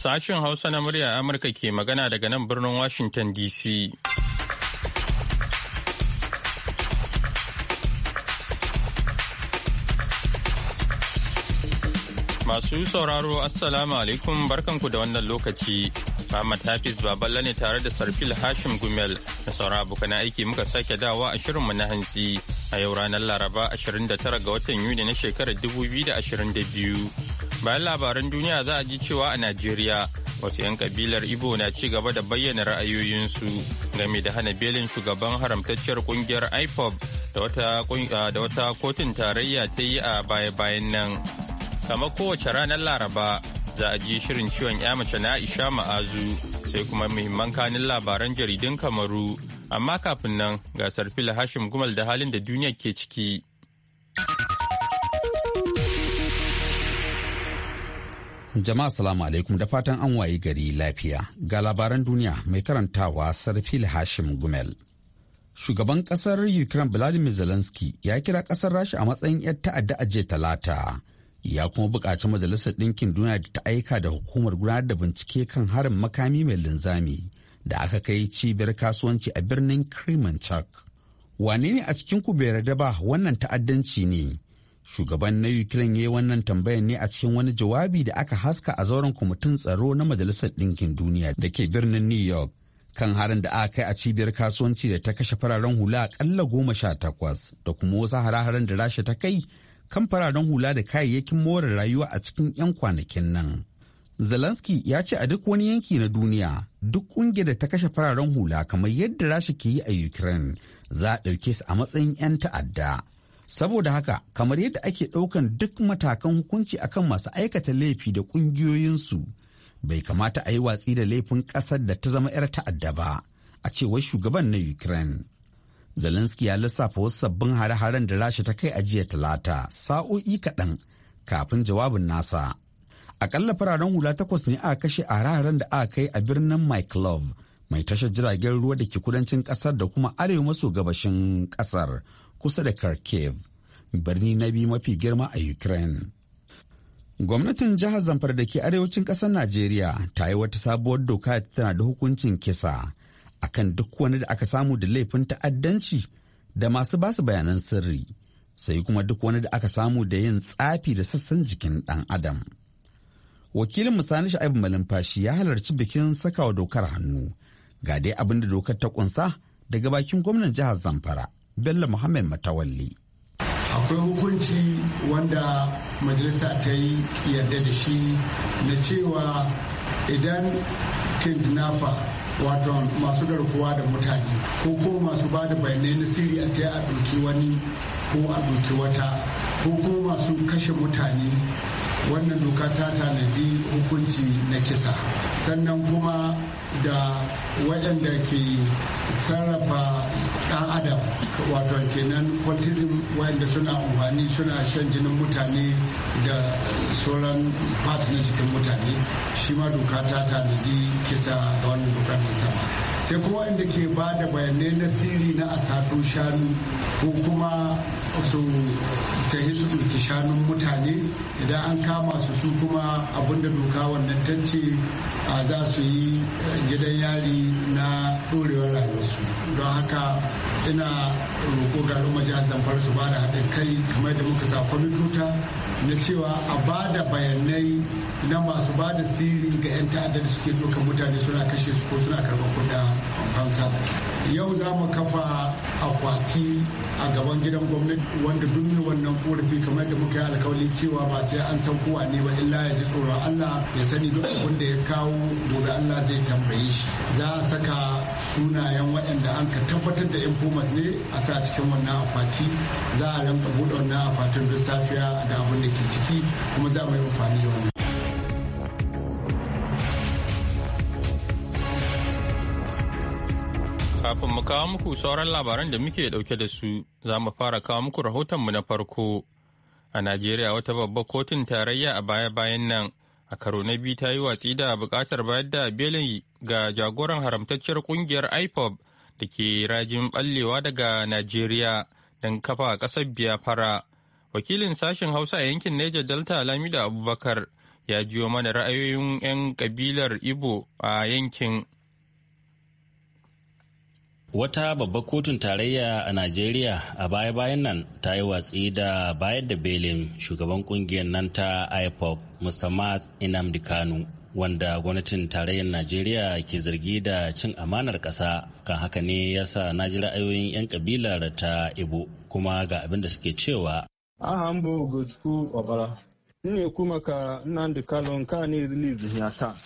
Sashen Hausa na murya Amurka ke magana daga nan birnin Washington DC. Masu sauraro Assalamu alaikum barkanku da wannan lokaci. Muhammad Hafiz Baballa ne tare da Sarfil Hashim Gumel na saura abokan aiki muka sake dawa a shirinmu na hantsi a yau ranar Laraba 29 ga watan Yuni na shekarar 2022. Bayan labaran duniya za a ji cewa a Najeriya wasu 'yan kabilar Ibo na ci gaba da bayyana ra'ayoyinsu game da hana belin shugaban haramtacciyar kungiyar IPOB ah, da wata kotun tarayya ta yi a baya-bayan nan. Kama kowace ranar Laraba za a ji shirin ciwon 'ya mace na Aisha Ma'azu sai kuma muhimman kanin labaran jaridun Kamaru. Amma kafin nan gasar fila Hashim Gumal da halin da duniya ke ciki. Jama'a salamu alaikum da fatan an waye gari lafiya ga labaran duniya mai karantawa Sarfil Hashim Gumel. Shugaban kasar Ukraine Vladimir Zelensky ya kira kasar Rasha a matsayin 'yar ta'adda a jiya talata. Ya kuma buƙaci Majalisar Ɗinkin Duniya da ta aika da hukumar gudanar da bincike kan harin makami mai linzami da aka kai cibiyar kasuwanci a birnin Kremenchuk. Wane ne a cikin ku bai ba wannan ta'addanci ne? shugaban na ukraine ya yi wannan tambayar ne a cikin wani jawabi da aka haska a zauren kwamitin tsaro na majalisar ɗinkin duniya da ke birnin new york kan harin da aka kai a cibiyar kasuwanci da ta kashe fararen hula akalla goma sha takwas da kuma wasu hare-haren da rasha ta kai kan fararen hula da kayayyakin more rayuwa a cikin 'yan kwanakin nan zelensky ya ce a duk wani yanki na duniya duk kungiyar da ta kashe fararen hula kamar yadda rasha ke yi a ukraine za a ɗauke su a matsayin 'yan ta'adda Saboda haka, kamar yadda ake ɗaukan duk matakan hukunci akan masu aikata laifi da ƙungiyoyinsu, bai kamata a yi watsi da laifin ƙasar da ta zama 'yar ta'adda ba, a cewar shugaban na Ukraine. Zelensky ya lissafa wasu sabbin hare-haren da Rasha ta kai a jiya Talata, sa'o'i kaɗan kafin jawabin nasa. Akalla fararen hula takwas ne aka kashe a hare-haren da aka kai a birnin Mike mai tashar jiragen ruwa da ke kudancin ƙasar da kuma arewa maso gabashin ƙasar. kusa da kharkiv birni na biyu mafi girma a ukraine gwamnatin jihar zamfara da ke arewacin kasar najeriya ta yi wata sabuwar doka tana da hukuncin kisa akan duk wani da aka samu da laifin ta'addanci da masu basu bayanan sirri sai kuma duk wani da aka samu da yin tsafi da sassan jikin ɗan adam wakilin musani sha'ibu malumfashi ya halarci bikin sakawa dokar hannu ga dai abin da dokar ta kunsa daga bakin gwamnan jihar zamfara Bello Muhammad Matawalli. akwai hukunci wanda majalisa ta yi yarda da shi na cewa idan kidnapper wato masu garkuwa da mutane ko ko masu ba da bayanai na sirri a ta a doki wani ko a doki wata ko ko masu kashe mutane wannan doka ta tanadi hukunci na kisa sannan kuma da waɗanda ke sarrafa dan adam wato kenan cultism wanda suna amfani suna shan jinin mutane da sauran parts na jikin mutane shi ma doka ta tanadi kisa ga wannan dokar sama sai kuma wanda ke ba da bayanai na sirri na asato shanu ko kuma su tafi su ɗauki shanun mutane idan an kama su su kuma da doka wannan tacce za su yi eh, gidan yari na ɗorewar rayuwarsu don haka ina roƙo ga al'umma jihar zamfara su ba da haɗin kai kamar da muka sa kwamitota na cewa a ba da bayanai na masu ba da sirri ga 'yan ta'adda da suke ɗaukar mutane suna kashe su ko suna karɓar kuɗa yau za mu kafa akwati a gaban gidan gwamnati wanda duk wannan korafi kamar da muka yi alkawali cewa ba sai an san kowa ne ba illa ya ji tsoron allah ya sani duk abin da ya kawo gobe allah zai tambaye shi za a saka sunayen waɗanda an ka tabbatar da komas ne a sa cikin wannan akwati za a rinka buɗe wannan akwatin duk safiya da abin da ke ciki kuma za mu yi amfani da wannan Kafin mu kawo muku sauran labaran da muke dauke da su, za mu fara kawo muku rahotonmu na farko. A Najeriya wata babbar kotun tarayya a baya-bayan nan, a karo na biyu ta yi watsi da bukatar bayar da belin ga jagoran haramtacciyar kungiyar IPOB da ke rajin ballewa daga Najeriya don kafa ƙasar biyafara Wakilin sashen Hausa a yankin Niger Delta Lamida Abubakar ya jiyo mana ra'ayoyin 'yan kabilar Ibo a yankin. Wata babbar kotun tarayya a Najeriya a baya-bayan nan ta yi watsi da bayar da belin shugaban kungiyar nan ta IPOP Musamman Inamdi Kanu wanda gwamnatin tarayyar Najeriya ke zargi da cin amanar ƙasa kan haka ne ya sa na ji ra'ayoyin 'yan kabilar ta Ibo kuma ga abin da suke cewa. Aha Gochukwu Obara, ne kuma ka Nnamdi Kanu nke a ne erilizi ya taa.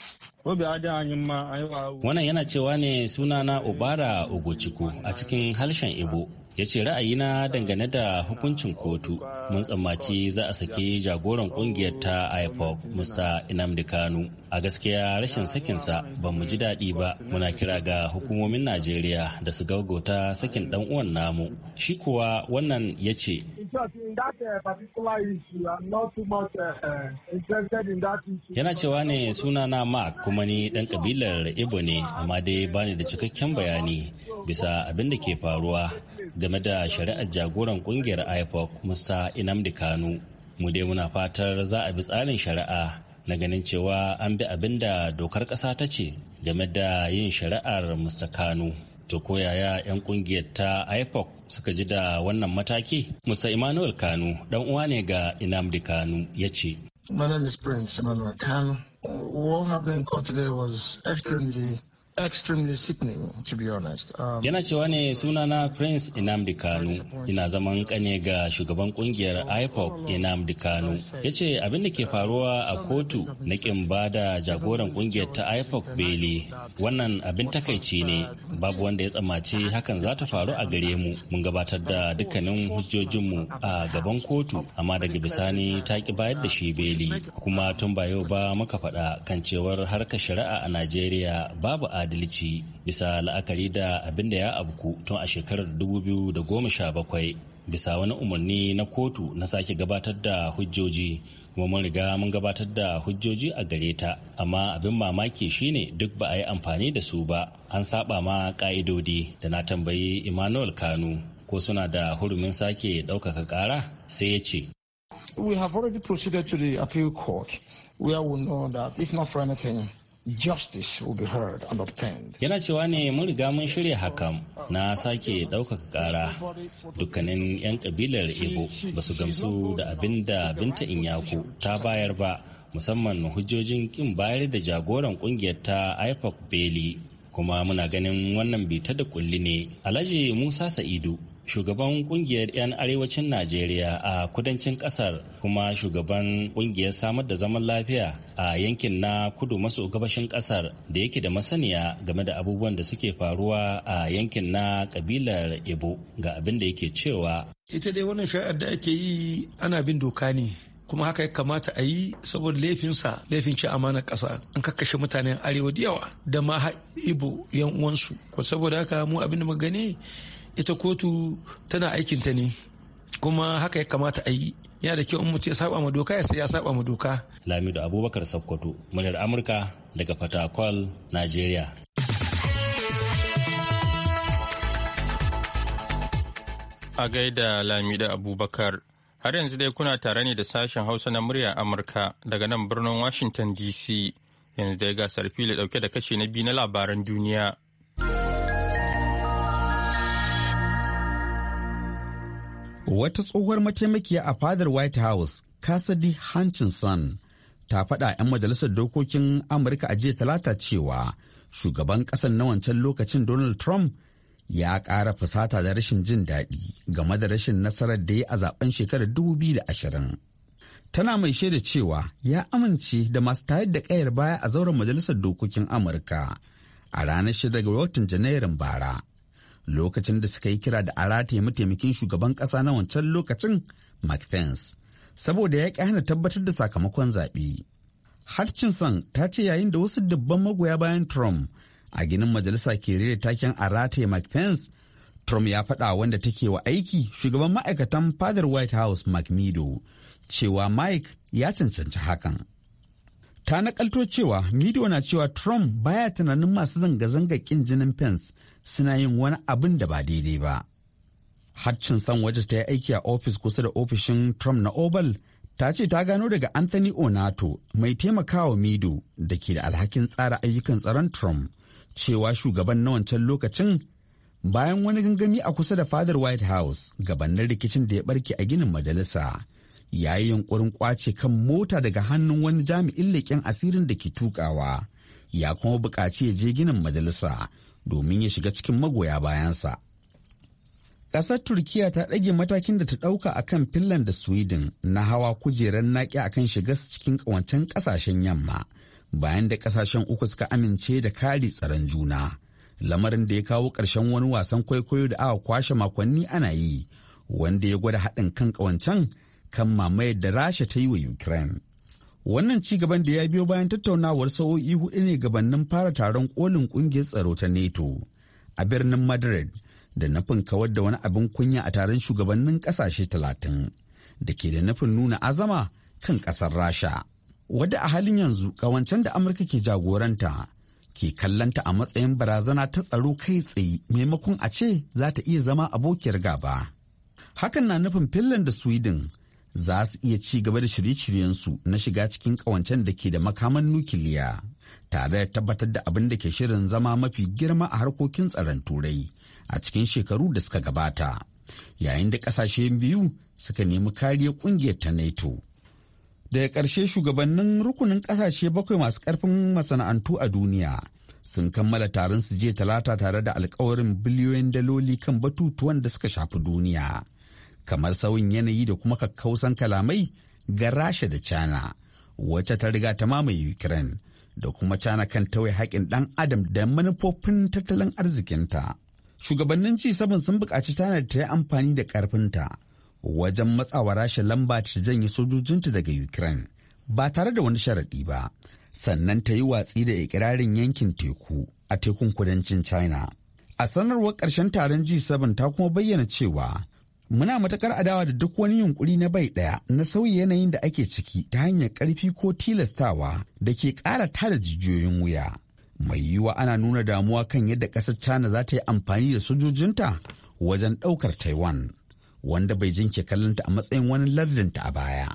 Wannan yana cewa ne sunana Obara Ogochiku a cikin harshen Igbo ya ce ra'ayina dangane da hukuncin kotu mun tsammaci za a saki jagoran kungiyar ta ipop mr inamdi kanu a gaskiya rashin sakinsa ba mu ji daɗi ba muna kira ga hukumomin najeriya da su gaugauta sakin dan uwan namu shi kuwa wannan ya ce yana cewa ne sunana mark kuma ni dan kabilar ibo ne amma dai bani da cikakken bayani bisa abin da ke faruwa game da shari'ar jagoran kungiyar ipoc Mr. inamdi kanu mu dai muna fatar za a bi tsarin shari'a na ganin cewa an bi abin da dokar ƙasa ta ce game da yin shari'ar Mr. kanu to ko yaya 'yan kungiyar ta ipoc suka ji da wannan mataki Mr. emmanuel kanu dan uwa ne ga inamdi kanu ya ce My Prince Emmanuel Kanu. What happened today was extremely extremely um, Yana cewa ne sunana Prince Inamdi Kanu, ina zaman kane ga shugaban kungiyar IPOP Inamdi Kanu. Ya ce abin da ke faruwa a kotu na kin bada jagoran kungiyar ta IPOP beli wannan abin takaici ne babu wanda ya tsammaci hakan za ta faru a gare mu. Mun gabatar da dukkanin hujjojinmu a gaban kotu amma daga bisani ta ki bayar da shi beli kuma tun ba yau ba muka faɗa kan cewar harkar shari'a a Najeriya babu a adalci bisa la'akari da abin da ya abku tun a shekarar 2017 bisa wani umarni na kotu na sake gabatar da hujjoji kuma mun riga mun gabatar da hujjoji a gare ta amma abin mamaki shine duk ba a yi amfani da su ba an saba ma ka'idodi da na tambayi emmanuel kanu ko suna da hurumin sake ɗaukaka ƙara sai ya ce we have already proceeded to the appeal court where we know that if not for anything justice be heard Yana cewa ne mun riga mun shirya hakan na sake ɗaukaka ƙara dukkanin 'yan ƙabilar Igbo ba su gamsu da abinda da Binta Inyako ta bayar ba musamman hujjojin kin bayar da jagoran ƙungiyar ta IPOC Bailey. Kuma muna ganin wannan bita da kulli ne. Alhaji Musa Sa'idu shugaban kungiyar 'yan arewacin najeriya a kudancin kasar kuma shugaban kungiyar samar da zaman lafiya a yankin na kudu maso gabashin kasar da yake da masaniya game da abubuwan da suke faruwa a yankin na kabilar ibo ga abin da yake cewa ita dai wannan shari'ar da ake yi ana bin doka ne kuma haka ya kamata a yi saboda laifinsa laifin ci amana ƙasa an kakkashe mutanen arewa da yawa da ma ibo yan uwansu saboda haka mu abin da muka gani ita kotu tana aikinta ne kuma haka ya kamata a yi yana da kyau in mace ya saba ma doka ya sai ya saba ma doka lamido abubakar sakkwato muryar amurka daga fatakwal nigeria a gaida lamido abubakar har yanzu dai kuna tare ne da sashen hausa na murya amurka daga nan birnin washington dc yanzu dai gasar fili dauke da kashe na biyu na labaran duniya Wata tsohuwar mataimakiya a fadar White House, Cassidy Hutchinson, ta faɗa 'yan majalisar dokokin Amurka a jiya talata cewa shugaban ƙasar na wancan lokacin Donald Trump ya ƙara fusata da rashin jin daɗi game da rashin nasarar da ya a zaben shekarar 2020. Tana mai shaida cewa ya amince da masu tayar da ƙayar baya a zauren majalisar dokokin Amurka a ranar 6 ga watan Janairun bara. lokacin da suka yi kira da a rataye mataimakin shugaban ƙasa na wancan lokacin Mike Pence saboda ya hana tabbatar da sakamakon zaɓe. Hutchinson ta ce yayin da wasu dubban magoya bayan Trump a ginin majalisa ke rere taken a rataye Trump ya faɗa wanda take wa aiki shugaban ma'aikatan fadar White House Mike Meadow cewa Mike ya cancanci hakan. ta nakalto cewa midiyo na cewa trump baya tunanin masu zanga-zanga kin jinin pence suna yin wani abin da ba daidai ba harcin san waje ta yi aiki a ofis kusa da ofishin trump na Obal ta ce ta gano daga anthony onato mai taimakawa mido da ke da alhakin tsara ayyukan tsaron trump cewa shugaban na wancan lokacin bayan wani gangami a kusa da fadar white house gabanin rikicin da ya barke a ginin majalisa ya yi yunkurin kwace kan mota daga hannun wani jami'in leƙen asirin da ke tukawa ya kuma buƙaci ya je ginin majalisa domin ya shiga cikin magoya bayansa ƙasar turkiya ta ɗage matakin da ta ɗauka a kan finland da sweden na hawa kujerar naƙi a kan shiga cikin ƙawancen ƙasashen yamma bayan da ƙasashen uku suka amince da kare tsaron juna lamarin da ya kawo ƙarshen wani wasan kwaikwayo da aka kwashe makonni ana yi wanda ya gwada haɗin kan ƙawancen kan mamayar da rasha ta yi wa ukraine wannan ci gaban da ya biyo bayan tattaunawar sa'o'i hudu ne gabanin fara taron kolin kungiyar tsaro ta NATO. a birnin madrid da nufin kawar da wani abin kunya a taron shugabannin kasashe talatin da ke da nufin nuna azama kan kasar rasha wadda a halin yanzu kawancen da amurka ke jagoranta ke kallanta a matsayin barazana ta tsaro kai tsaye maimakon a ce za ta iya zama abokiyar gaba hakan na nufin finland da sweden za su iya ci gaba da shirye-shiryensu na shiga cikin ƙawancen da ke da makaman nukiliya tare da tabbatar da abin da ke shirin zama mafi girma a harkokin tsaron turai a cikin shekaru da suka gabata yayin da kasashe biyu suka nemi kariya ƙungiyar ta nato daga ƙarshe shugabannin rukunin ƙasashe bakwai masu ƙarfin masana'antu a duniya sun kammala taron su je talata tare da alkawarin biliyoyin daloli kan batutuwan da suka shafi duniya kamar sauyin yanayi da kuma kakkausan kalamai ga rasha da cana wacce ta riga ta mamaye ukraine da kuma cana kan tawai haƙƙin ɗan adam da manufofin tattalin arzikinta shugabannin ci sabon sun buƙaci tana ta yi amfani da ƙarfinta wajen matsawa rasha lamba ta janye sojojinta daga ukraine ba tare da wani sharaɗi ba sannan ta yi watsi da ikirarin yankin teku a tekun kudancin china a sanarwar ƙarshen taron g7 ta kuma bayyana cewa Muna matakar adawa da duk wani yunkuri na bai ɗaya na sauyi yanayin da ake ciki ta hanyar ƙarfi ko tilastawa da ke ƙara tada jijiyoyin wuya. Mai yiwuwa ana nuna damuwa kan yadda ƙasar China za ta yi amfani da sojojinta wajen ɗaukar Taiwan, wanda Beijing ke kallonta a matsayin wani lardinta a baya.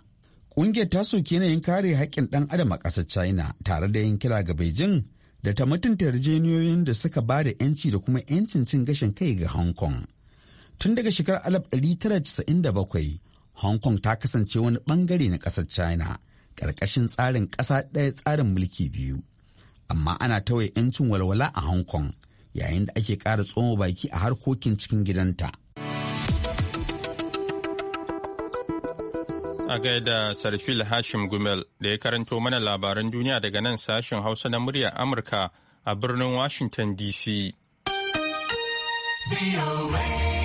Ƙungiyar ta soki yanayin kare haƙƙin ɗan adam a ƙasar China tare da yin kira ga Beijing da ta mutunta yarjejeniyoyin da suka ba da 'yanci da kuma 'yancin cin gashin kai ga Hong Kong. Tun daga shekarar 1997, Hong Kong ta kasance wani bangare na ƙasar China, ƙarƙashin tsarin ƙasa ɗaya tsarin mulki biyu. Amma ana tawaye 'yancin walwala a Hong Kong, yayin da ake ƙara tsoma baki a harkokin cikin gidanta. A gaida Sarfil Hashim Gumel da ya karanto mana labaran duniya daga nan sashen Hausa na muryar Amurka a birnin Washington DC.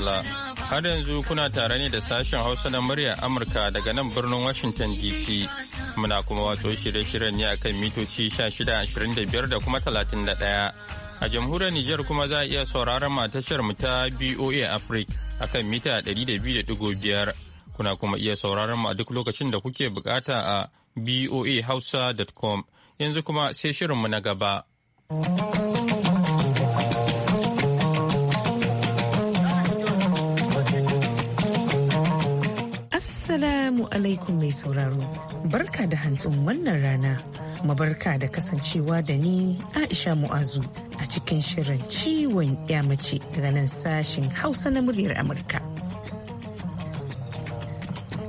Allah. Har yanzu kuna tare ne da sashen Hausa na muryar Amurka daga nan birnin Washington DC. Muna kuma wato shirye-shiryen ne akan mitoci 1625 da kuma 31. A jamhuriyar Nijar kuma za a iya sauraron matashar mu ta BOA Africa akan mita 200.5. Kuna kuma iya sauraron mu a duk lokacin da kuke bukata a boa boahausa.com. Yanzu kuma sai mu na gaba. Assalamu alaikum mai sauraro, barka da hantsin wannan rana, mabarka da kasancewa da ni Aisha Mu'azu a cikin shirin ciwon mace daga nan sashen Hausa na muryar Amurka.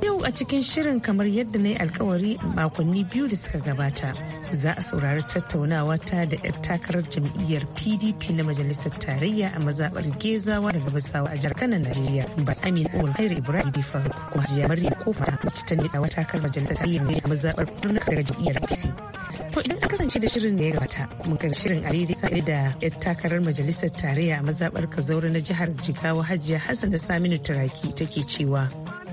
Yau a cikin shirin kamar yadda na yi alkawari makonni biyu da suka gabata. za a saurari tattaunawa ta da 'yar takarar jam'iyyar pdp na majalisar tarayya a mazaɓar gezawa da gabasawa a jihar kanan najeriya ba amin ol hairu ibrahim bi faruk kuma hajiya maryam kofa wacce ta nisa wata kar majalisar tarayya ne a mazaɓar daga jam'iyyar apc to idan aka kasance da shirin da ya gabata mun kan shirin a daidai sa'i da 'yar takarar majalisar tarayya a mazaɓar kazaure na jihar jigawa hajiya hassan da saminu turaki take cewa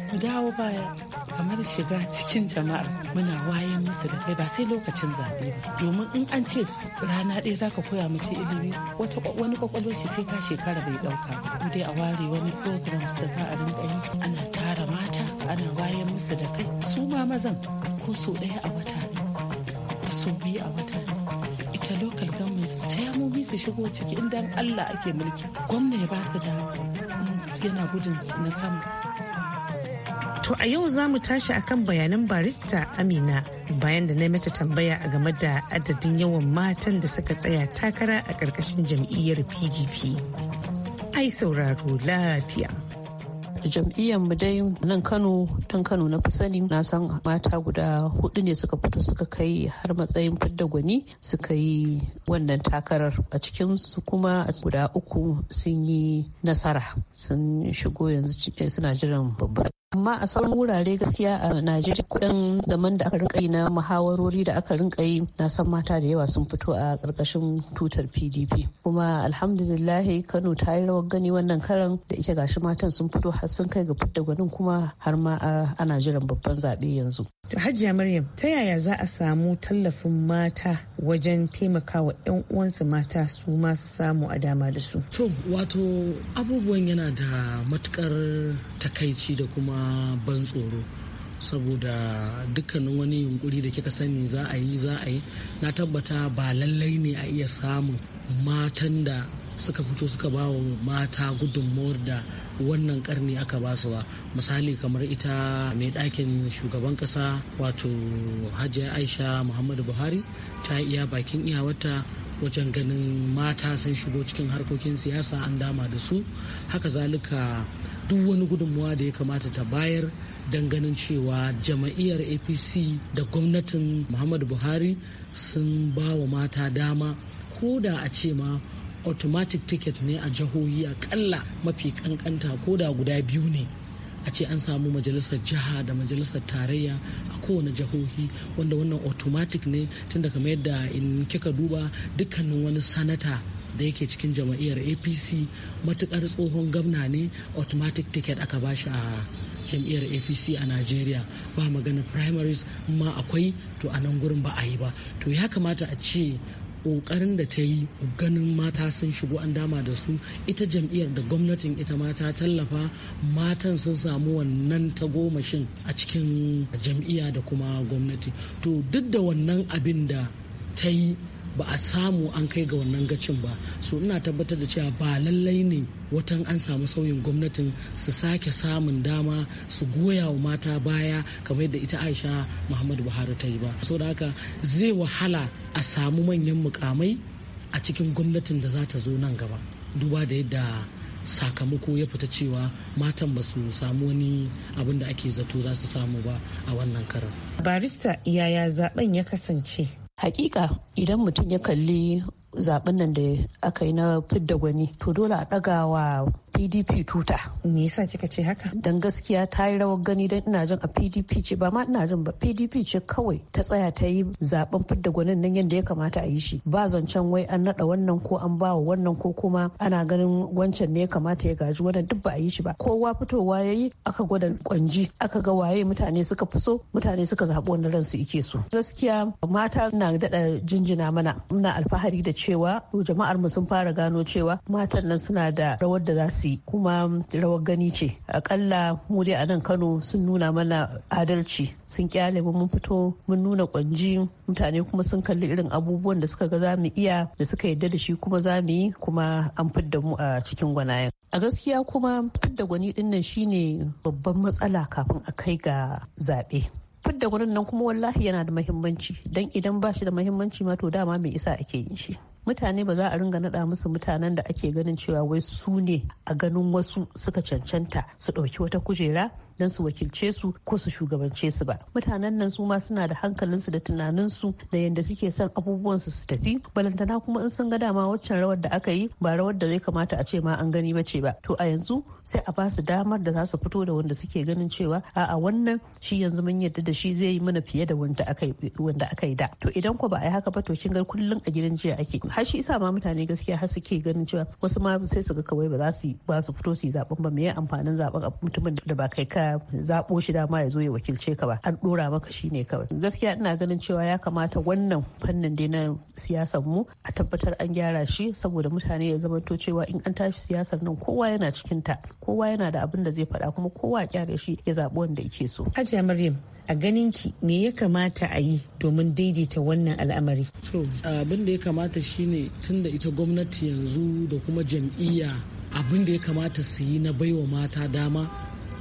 mu dawo baya kamar shiga cikin jama'a muna wayan musu da kai ba sai lokacin zaɓe ba domin in an ce rana ɗaya zaka koya mutum ilimi wata wani kwakwalwar shi sai ka shekara bai ɗauka ba dai a ware wani program da za a rinka yi ana tara mata ana wayan musu da kai su ma mazan ko so ɗaya a wata ko so biyu a wata ita local government su cayamomi su shigo ciki inda Allah ake mulki gwamna ya ba su da yana gudun na sama To a yau za mu tashi akan bayanan barista Amina bayan da na mata tambaya a game da adadin yawan matan da suka tsaya takara a ƙarƙashin jam'iyyar PDP. Ai sauraro lafiya. jam'iyyar mu dai nan kano tan kano na fi sani na san mata guda hudu ne suka fito suka kai har matsayin fidda gwani suka yi wannan takarar a cikin su kuma guda uku sun yi nasara sun shigo yanzu eh, suna jiran babba. amma a sauran wurare gaskiya a najeriya kudin zaman da aka rinka yi na muhawarori da aka rinka yi na san mata da yawa sun fito a karkashin tutar pdp kuma alhamdulillahi kano ta yi rawar gani wannan karan da ita gashi matan sun fito har sun kai ga fitar gwanin kuma har ma ana jiran babban zaɓe yanzu to hajiya maryam ta yaya za a samu tallafin mata wajen taimakawa 'yan uwansu mata su ma su samu a dama da su to wato abubuwan yana da matukar takaici da kuma kuma ban tsoro saboda dukkanin wani yunkuri da kika sani za a yi za a yi na tabbata ba lallai ne a iya samun matan da suka fito suka ba wa mata gudunmawar da wannan karni aka ba su ba misali kamar ita mai ɗakin shugaban ƙasa wato hajiya aisha muhammadu buhari ta iya bakin iyawarta wajen ganin mata sun shigo cikin harkokin siyasa an dama da su haka zalika duk wani gudunmuwa da ya kamata ta bayar don ganin cewa jama'iyyar apc da gwamnatin muhammadu buhari sun ba wa mata dama ko da a ce ma automatic ticket ne a jihohi akalla mafi kankanta ko da guda biyu ne a ce an samu majalisar jiha da majalisar tarayya a kowane jihohi wanda wannan automatic ne tun daga yadda in kika duba dukkanin wani sanata da yake cikin jama'iyyar apc matukar tsohon gwamna ne automatic ticket aka ba shi a jam'iyyar apc a najeriya ba magana primaries ma akwai to a nan gurin ba a yi ba to ya kamata a ce ƙoƙarin da ta yi ganin mata sun shigo an dama da su ita jam'iyyar da gwamnatin ita ma ta tallafa matan sun samu wannan tagomashin a cikin jam'iyya da kuma gwamnati to duk da wannan abin da ta yi ba a samu an kai ga wannan gacin ba so ina tabbatar da cewa ba lallai ne watan an samu sauyin gwamnatin su sake samun dama su goya wa mata baya kamar yadda ita aisha muhammadu buhari ta yi ba so da haka zai wahala a samu manyan mukamai a cikin gwamnatin da za ta zo nan gaba duba da yadda sakamako ya fita cewa matan ba su samu wani abin da ake zato za su samu ba a wannan karan barista yaya zaben ya kasance Hakika idan mutum ya kalli zaben nan da aka yi na fidda gwani to dole a daga wa pdp tuta me yasa kika ce haka dan gaskiya ta yi rawar gani dan ina jin a pdp ce ba ma ina jin ba pdp ce kawai ta tsaya ta yi zaben fidda gwanin nan yadda ya kamata a yi shi ba zancen wai an nada wannan ko an bawa wannan ko kuma ana ganin wancan ne ya kamata ya gaji wannan duk ba a yi shi ba kowa fitowa ya yi aka gwada kwanji aka ga waye mutane suka fi so mutane suka zaɓi wani ransu ike so gaskiya mata na daɗa jinjina mana muna alfahari da cewa jama'ar mu sun fara gano cewa matan nan suna da rawar da za su yi kuma rawar gani ce akalla mu dai a nan kano sun nuna mana adalci sun kyale mu mun fito mun nuna kwanji mutane kuma sun kalli irin abubuwan da suka ga za mu iya da suka yadda da shi kuma za mu yi kuma an fidda mu a cikin gwanayen a gaskiya kuma fidda gwani dinnan shine babban matsala kafin a kai ga zaɓe da wurin nan kuma wallahi yana da mahimmanci don idan ba shi da mahimmanci ma to dama mai isa ake yin shi mutane ba za a ringa nada musu mutanen da ake ganin cewa wai su ne a ganin wasu suka cancanta su ɗauki wata kujera don su wakilce su ko su shugabance su ba mutanen nan su ma suna da hankalinsu da tunaninsu da yadda suke son abubuwan su su tafi balantana kuma in sun ga dama waccan rawar da aka yi ba rawar da zai kamata a ce ma an gani ba ce ba to a yanzu sai a ba su damar da za su fito da wanda suke ganin cewa a'a wannan shi yanzu mun yadda da shi zai yi mana fiye da wanda aka yi wanda aka yi da to idan ko ba a yi haka ba to kin ga kullun a gidan jiya ake har shi isa ma mutane gaskiya har suke ganin cewa wasu ma sai su ga kawai ba za su ba su fito su yi zaben ba me amfanin zaben mutumin da ba kai ka zaɓo shi dama ya zo ya wakilce ka ba an ɗora maka shi ne kawai gaskiya ina ganin cewa ya kamata wannan fannin dai na siyasar mu a tabbatar an gyara shi saboda mutane ya zama to cewa in an tashi siyasar nan kowa yana cikin ta kowa yana da abin da zai faɗa kuma kowa kyare shi ya zaɓi wanda yake so. Hajiya Maryam a ganin ki me ya kamata a yi domin daidaita wannan al'amari? To abin da ya kamata shine tunda ita gwamnati yanzu da kuma jam'iyya abin da ya kamata su yi na baiwa mata dama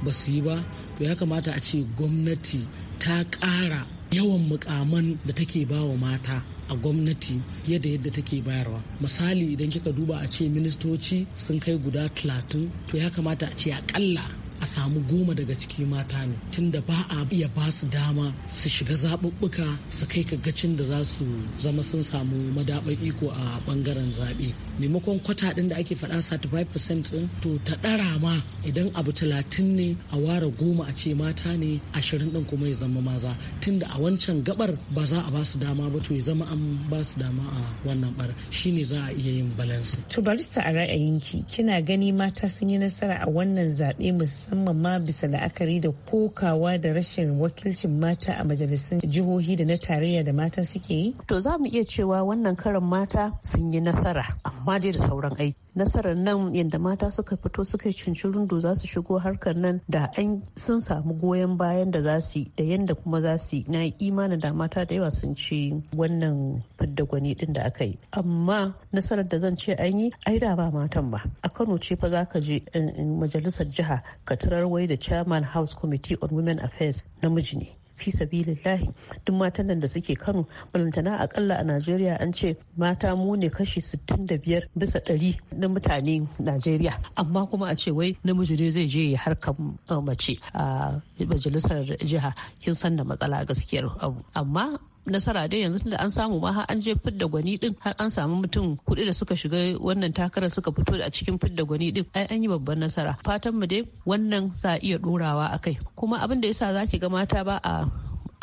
ba su yi ba to ya kamata a ce gwamnati ta ƙara yawan mukaman da take bawa mata a gwamnati yadda yadda take bayarwa misali idan kika duba a ce ministoci sun kai guda 30 to ya kamata a ce akalla a samu goma daga ciki mata ne tunda ba a iya ba su dama su shiga zaɓuɓɓuka su kai ka gacin da za su zama sun samu madaɓar iko a ɓangaren zaɓe maimakon kwata ɗin da ake faɗa 35% ɗin to ta ɗara ma idan abu talatin ne a ware goma a ce mata ne ashirin ɗin kuma ya zama maza tunda a wancan gaɓar ba za a ba su dama ba to ya zama an ba su dama a wannan bar shine za a iya yin balansu. to barista a ra'ayinki kina gani mata sun yi nasara a wannan zaɓe mus musamman ma bisa la'akari da kokawa da rashin wakilcin mata a majalisun jihohi da na tarayya da mata suke yi? To za mu iya cewa wannan karan mata sun yi nasara amma dai da sauran aiki. Nasarar nan yadda mata suka fito suka cincirin da za su shigo harkar nan da an sun samu goyon bayan da za su da yadda kuma za su na imanin da mata da yawa sun ci wannan fidda gwani din da aka yi. Amma nasarar da zan ce an yi ai da ba matan ba. A Kano ce fa za ka je eh, eh, majalisar jiha ka tarar wai da chairman house committee on women affairs namiji ne fi sabilillahi duk matan nan da suke kano balantana akalla a najeriya an ce mata mu ne kashi 65 bisa ɗari na mutane najeriya amma kuma a ce wai namiji ne zai je harkar uh, mace a majalisar jiha kin san da matsala gaskiyar abu amma nasara dai yanzu da an samu ma har an je fidda gwani din har an samu mutum kuɗi da suka shiga wannan takarar suka fito a cikin fidda gwani din ai an yi babban nasara fatan mu dai wannan za a iya dorawa akai kuma abin da yasa zaki ga mata ba a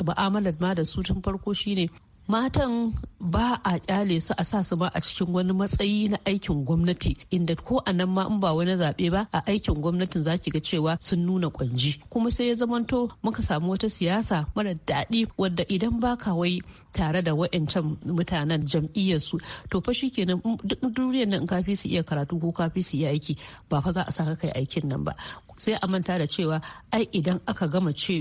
mu'amalar ma da su tun farko shine matan ba a kyale su a sa su ma a cikin wani matsayi na aikin gwamnati inda ko a nan ma in ba wani zaɓe ba a aikin gwamnatin za ki ga cewa sun nuna kwanji kuma sai ya zamanto muka samu wata siyasa mara daɗi wadda idan ba ka wai tare da wa'ancan mutanen jam'iyyarsu to fa shi kenan duk duniyar nan kafi su iya karatu ko kafi su iya aiki ba fa za a saka kai aikin nan ba sai a manta da cewa ai idan aka gama ce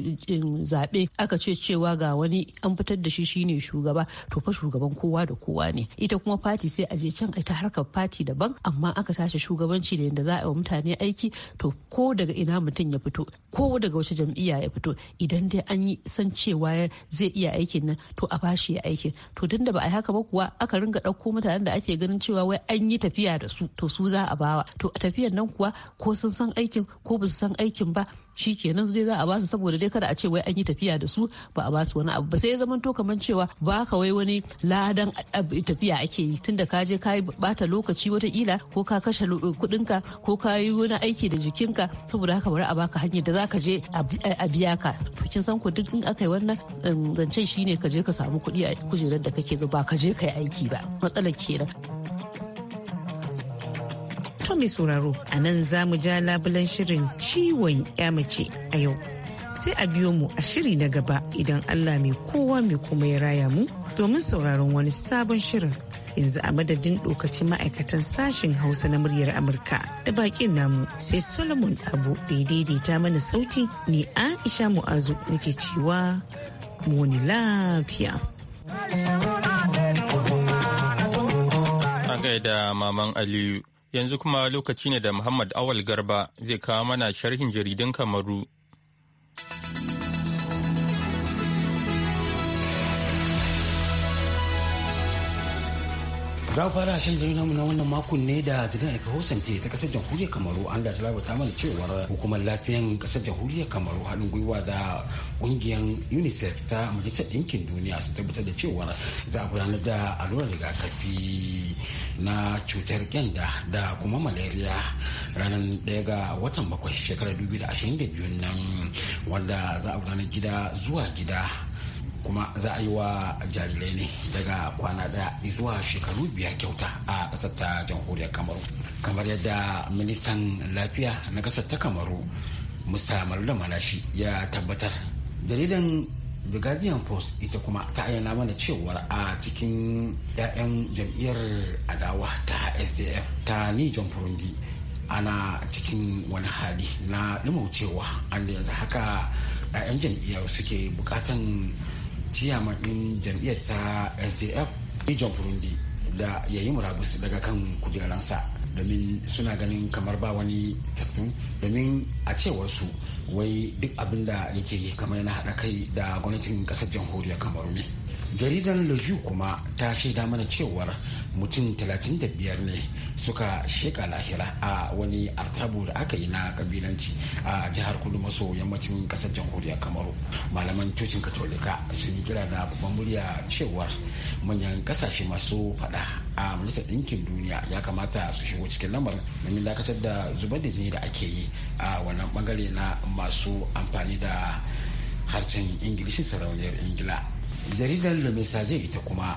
zaɓe aka ce cewa ga wani an fitar da shi shine shugaba to fa shugaban kowa da kowa ne ita kuma fati sai a je can ita harkar fati daban amma aka tashi shugabanci da yadda za a yi wa mutane aiki to ko daga ina mutum ya fito ko daga wace jam'iyya ya fito idan dai an yi san cewa zai iya aikin nan to a bashi shi ya aikin to tunda ba a yi haka ba kuwa aka ringa ɗauko mutanen da ake ganin cewa wai an yi tafiya da su to su za a bawa to a tafiyan nan kuwa ko sun san aikin ko ba su san aikin ba shi kenan zai za a basu saboda dai kada a ce wai an yi tafiya da su ba a basu wani abu ba sai ya zama to kamar cewa ba ka wai wani ladan tafiya ake yi tunda ka je ka bata lokaci wata kila ko ka kashe ka ko ka yi wani aiki da jikinka saboda haka bari a baka hanyar da za ka je a biya ka to kin san ku duk in aka yi wannan um, zancen shine ka je ka samu kuɗi a kujerar da kake zo ba ka je ka yi aiki ba matsalar kenan. To mai sauraro, a nan za mu ja labulan shirin ciwon ya mace a yau. Sai a biyo mu a shiri na gaba idan Allah mai kowa mai kuma ya raya mu domin sauraron wani sabon shirin. Yanzu a madadin dokacin ma'aikatan sashen Hausa na muryar Amurka da bakin namu sai Solomon Abu da ya daidaita mana sauti ne Aisha Mu'azu nake cewa mu wani lafiya. gaida Maman Aliyu. Yanzu kuma lokaci ne da Muhammad Awal Garba zai kawo mana sharhin jaridun Kamaru za mu fara shan jari na wannan makon ne da jidan aika hosance ta kasar jamhuriyar kamaru an da ta mana cewar hukumar lafiyan kasar jamhuriyar kamaru haɗin gwiwa da ƙungiyar unicef ta majalisar ɗinkin duniya su tabbatar da cewar za a gudanar da allurar rigakafi na cutar kyanda da kuma malaria ranar ɗaya ga watan bakwai shekarar 2022 nan wanda za a gudanar gida zuwa gida kuma za a yi wa jarirai ne daga kwana daya zuwa shekaru biyar kyauta a ƙasar ta jamhuriyar kamaru kamar yadda ministan lafiya na ƙasar ta kamaru musta maluda malashi ya tabbatar jaridan the guardian post ita kuma ta ayyana mana cewar a cikin 'ya'yan jam'iyyar adawa ta sdf ta nijon furundi ana cikin wani hali na limaucewa an yanzu haka 'ya'yan jam'iyyar suke bukatan ciyaman ɗin jam'iyyar ta sdf john burundi da ya yi murabus daga kan kujeransa domin suna ganin kamar ba wani tattun domin a cewar su wai duk abin da yake yi kamar yana haɗa kai da gwamnatin ƙasar jamhuriyar kamaru ne jaridan leju kuma ta shaida mana cewar mutum 35 ne suka sheka lahira a wani artabu da aka yi na kabilanci a jihar kudu maso yammacin kasar jamhuriyar kamaru malaman cocin katolika sun yi kira da babban murya cewar manyan kasashe masu fada a majalisar ɗinkin duniya ya kamata su shigo cikin lamarin domin dakatar da zubar da jini da ake yi a wannan bangare na masu amfani da harshen ingilishin sarauniyar ingila jaridar le ita kuma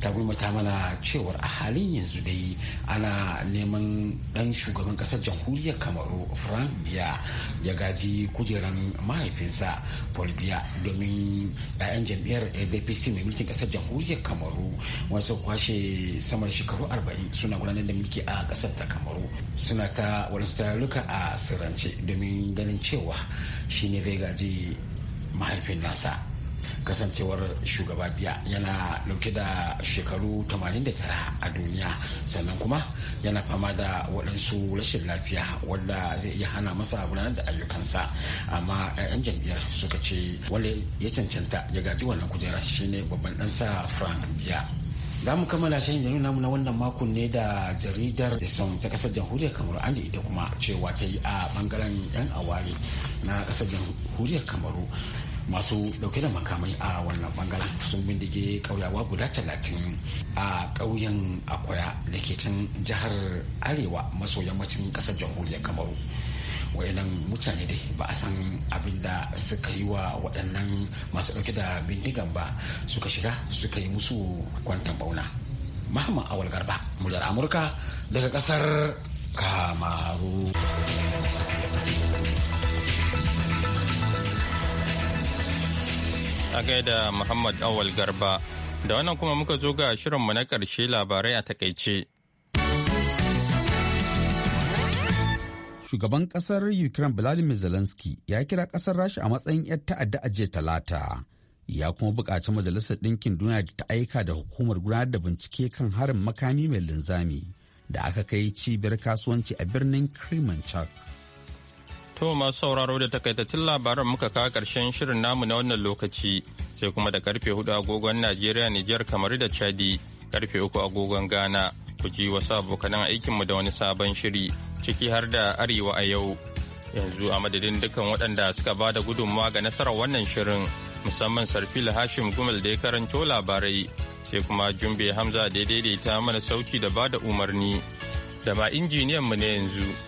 ta gulmata mana cewar a halin yanzu dai ana neman dan shugaban kasar jamhuriyar kamaru frank biya ya gaji kujeran mahaifinsa paul biya domin 'ya'yan jam'iyyar adpc mai mulkin kasar jamhuriyar kamaru wasu kwashe sama da shekaru 40 suna gudanar da mulki a kasar ta kamaru suna ta wadansu tarurruka a sirrance domin ganin cewa shine zai gaji mahaifin nasa kasancewar shugaba biya yana dauke da shekaru 89 a duniya sannan kuma yana fama da waɗansu rashin lafiya wanda zai iya hana masa gudanar da ayyukansa amma 'yan jam'iyyar suka ce wanda ya cancanta ya gaji wannan kujera shine babban ɗansa frank biya za mu kammala shayin jaridu namu na wannan makon ne da jaridar da son ta kasar jamhuriyar kamaru an da ita kuma cewa ta yi a bangaren yan awari na kasar jamhuriyar kamaru masu dauke da makamai a wannan bangaren sun bindige kauyawa guda talatin a ƙauyen akwaya da ke can jihar arewa maso yammacin ƙasar jamhuriyar kamaru wayannan mutane dai ba a san abin da suka yi wa waɗannan masu ɗauke da bindigan ba suka shiga suka yi musu kwantan bauna mahimman awal garba muryar amurka daga ƙasar kamaru A gaida Muhammad Awal Garba. Da wannan kuma muka zo ga shirinmu na ƙarshe labarai a takaice. Shugaban ƙasar Ukraine Vladimir Zelensky ya kira ƙasar Rasha a matsayin 'yar ta'adda a jiya talata. Ya kuma buƙaci Majalisar Ɗinkin Duniya da ta aika da hukumar gudanar da bincike kan harin makami mai linzami da aka kai cibiyar kasuwanci a birnin Kremenchuk. To masu sauraro da takaitattun labaran muka kawo karshen shirin namu na wannan lokaci sai kuma da karfe hudu agogon Najeriya Nijar kamar da Chadi karfe uku agogon Ghana ku ji wasu abokanan aikinmu da wani sabon shiri ciki har da Arewa a yau. Yanzu a madadin dukkan waɗanda suka ba da gudunmawa ga nasarar wannan shirin musamman Sarfil Hashim Gumal da ya karanto labarai sai kuma Jumbe Hamza da ya daidaita mana sauki da ba da umarni da ma mu ne yanzu.